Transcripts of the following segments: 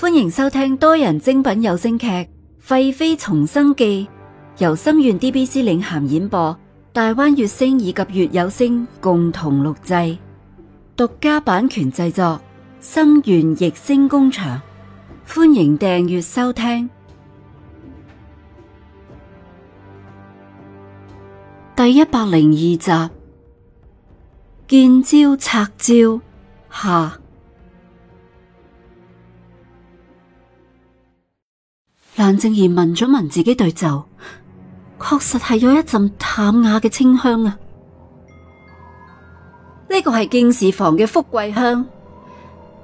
歡迎收聽多人精品有聲劇《廢妃重生記》，由心願 DBC 領銜演播，大灣月星以及月有聲共同錄製，獨家版權製作，心願逸星工廠。歡迎訂閱收聽第一百零二集《見招拆招》下。梁正怡聞咗聞自己對袖，確實係有一陣淡雅嘅清香啊！呢個係敬事房嘅福貴香，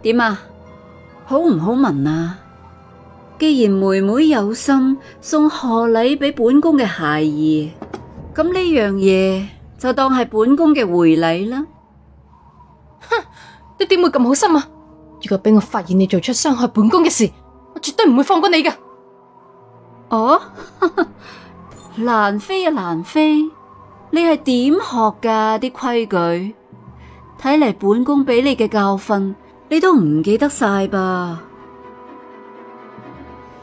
點啊？好唔好聞啊？既然妹妹有心送賀禮俾本宮嘅孩兒，咁呢樣嘢就當係本宮嘅回禮啦。哼！你點會咁好心啊？如果俾我發現你做出傷害本宮嘅事，我絕對唔會放過你㗎。哦， 蘭妃啊，蘭妃，你係點學噶啲規矩？睇嚟本宮俾你嘅教訓，你都唔記得晒吧？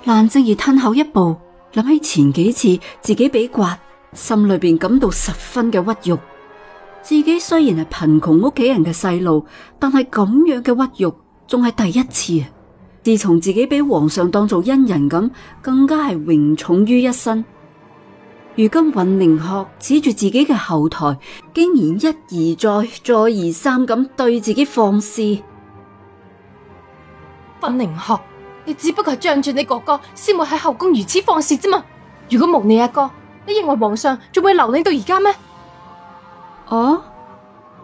蘭靜兒吞後一步，諗起前幾次自己俾刮，心裏邊感到十分嘅屈辱。自己雖然係貧窮屋企人嘅細路，但係咁樣嘅屈辱，仲係第一次啊！自從自己俾皇上當做恩人咁，更加係榮寵於一身。如今允寧學指住自己嘅後台，竟然一而再、再而三咁對自己放肆。允寧學，你只不過係仗住你哥哥先會喺後宮如此放肆啫嘛。如果冇你阿哥，你認為皇上仲會留你到而家咩？哦，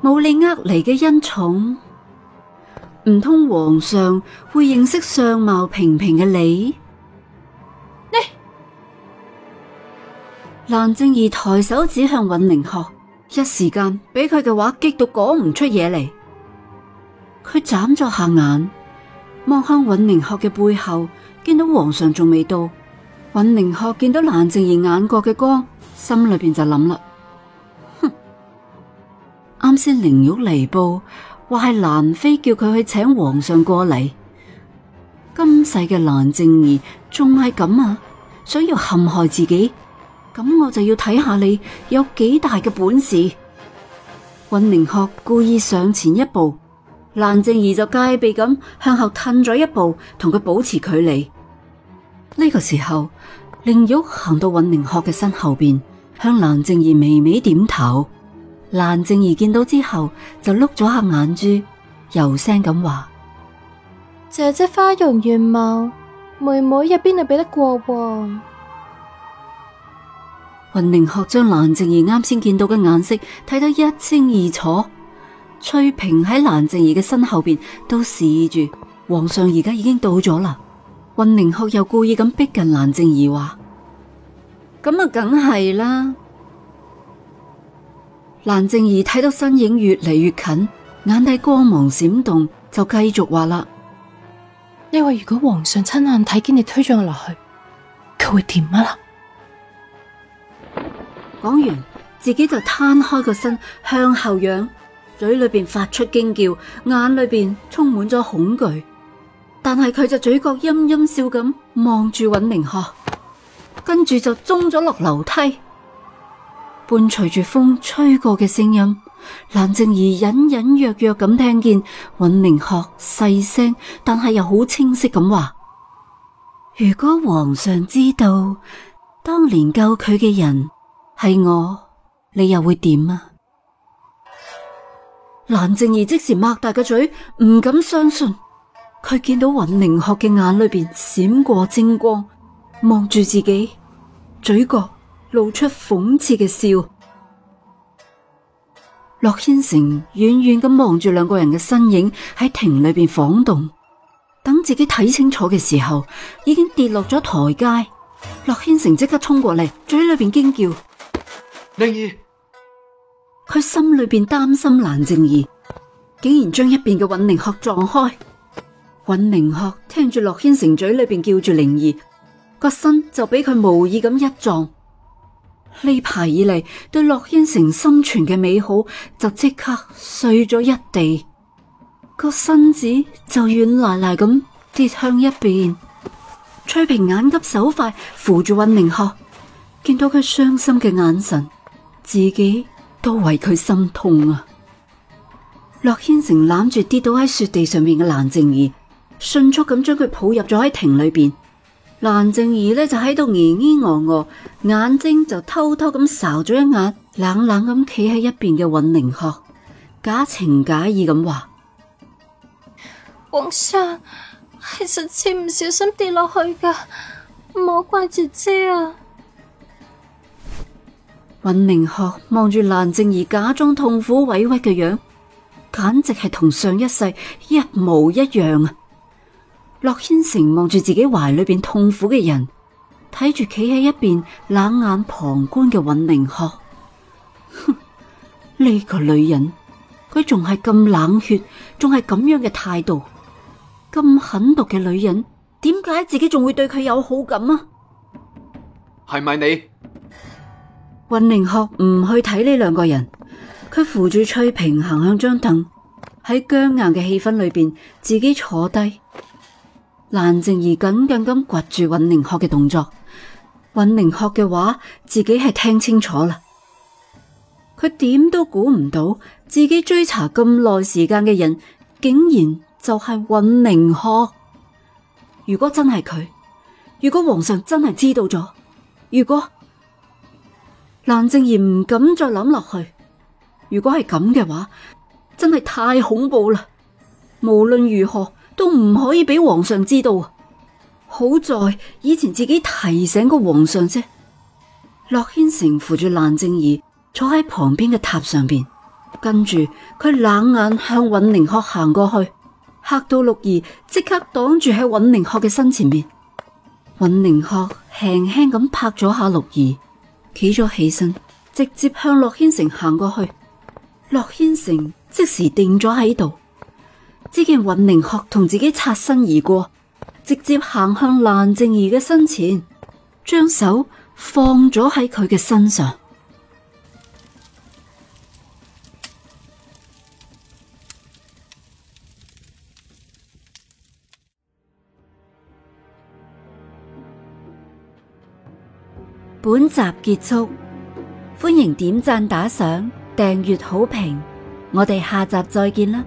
冇你呃嚟嘅恩寵。唔通皇上會認識相貌平平嘅你？你蘭靜儀抬手指向尹寧鶴，一時間俾佢嘅話激到講唔出嘢嚟。佢眨咗下眼，望向尹寧鶴嘅背後，見到皇上仲未到。尹寧鶴見到蘭靜儀眼角嘅光，心裏邊就諗啦，哼，啱先靈玉嚟報。話係蘭妃叫佢去請皇上過嚟，今世嘅蘭靜儀仲係咁啊！想要陷害自己，咁我就要睇下你有幾大嘅本事。尹寧鶴故意上前一步，蘭靜儀就戒備咁向後褪咗一步，同佢保持距離。呢個時候，寧玉行到尹寧鶴嘅身後邊，向蘭靜儀微微點頭。蘭靜兒見到之後就碌咗下眼珠，柔聲咁話：姐姐花容月貌，妹妹入邊啊比得過。雲寧鶴將蘭靜兒啱先見到嘅眼色睇得一清二楚，翠萍喺蘭靜兒嘅身後邊都示意住：皇上而家已經到咗啦。雲寧鶴又故意咁逼近蘭靜兒話：咁啊，梗係啦。蘭靜儀睇到身影越嚟越近，眼底光芒閃動，就繼續話啦：你話如果皇上親眼睇見你推咗我落去，佢會點啊？講完，自己就攤開個身向後仰，嘴裏邊發出驚叫，眼裏邊充滿咗恐懼，但係佢就嘴角陰陰笑咁望住尹明鶴，跟住就衝咗落樓梯。伴隨住風吹過嘅聲音，蘭靜兒隱隱約約咁聽見尹寧學細聲，但係又好清晰咁話：如果皇上知道當年救佢嘅人係我，你又會點啊？蘭靜兒即時擘大個嘴，唔敢相信。佢見到尹寧學嘅眼裏邊閃過精光，望住自己，嘴角。露出諷刺嘅笑，駱軒成遠遠咁望住兩個人嘅身影喺亭裏邊晃動，等自己睇清楚嘅時候，已經跌落咗台階。駱軒成即刻沖過嚟，嘴裏邊驚叫：靈兒！佢心裏邊擔心蘭靜兒，竟然將一邊嘅尹寧鶴撞開。尹寧鶴聽住駱軒成嘴裏邊叫住靈兒，個身就俾佢無意咁一撞。呢排以嚟對駱軒成心存嘅美好就即刻碎咗一地，個身子就軟賴賴咁跌向一邊。翠萍眼急手快扶住温寧鶴，見到佢傷心嘅眼神，自己都為佢心痛啊！駱軒成攬住跌倒喺雪地上面嘅藍靜兒，迅速咁將佢抱入咗喺亭裏邊。蘭靜儀呢，就喺度咿咿哦哦，眼睛就偷偷咁掃咗一眼，冷冷咁企喺一邊嘅尹寧鶴，假情假意咁話：皇上，係刹次唔小心跌落去噶，唔好怪姐姐啊！尹寧鶴望住蘭靜儀假裝痛苦委屈嘅樣，簡直係同上一世一模一樣啊！洛軒成望住自己懷裏邊痛苦嘅人，睇住企喺一邊冷眼旁觀嘅尹寧學，哼，呢個女人，佢仲係咁冷血，仲係咁樣嘅態度，咁狠毒嘅女人，點解自己仲會對佢有好感啊？係咪你？尹寧學唔去睇呢兩個人，佢扶住翠萍行向張凳，喺僵硬嘅氣氛裏邊，自己坐低。蘭靜兒緊緊咁掘住尹寧學嘅動作，尹寧學嘅話，自己係聽清楚啦。佢點都估唔到，自己追查咁耐時間嘅人，竟然就係尹寧學。如果真係佢，如果皇上真係知道咗，如果蘭靜兒唔敢再諗落去。如果係咁嘅話，真係太恐怖啦。無論如何，都唔可以俾皇上知道。好在以前自己提醒過皇上啫。洛軒成扶住蘭靜儀坐喺旁邊嘅榻上邊，跟住佢冷眼向尹寧鶴行過去，嚇到六兒即刻擋住喺尹寧鶴嘅身前面。尹寧鶴輕輕咁拍咗下六兒，企咗起身，直接向洛軒成行過去。洛軒成即時定咗喺度。只見尹靈學同自己擦身而過，直接行向蘭靜儀嘅身前，將手放咗喺佢嘅身上。 本集結束，歡迎點讚打賞、訂閱好評，我哋下集再見啦！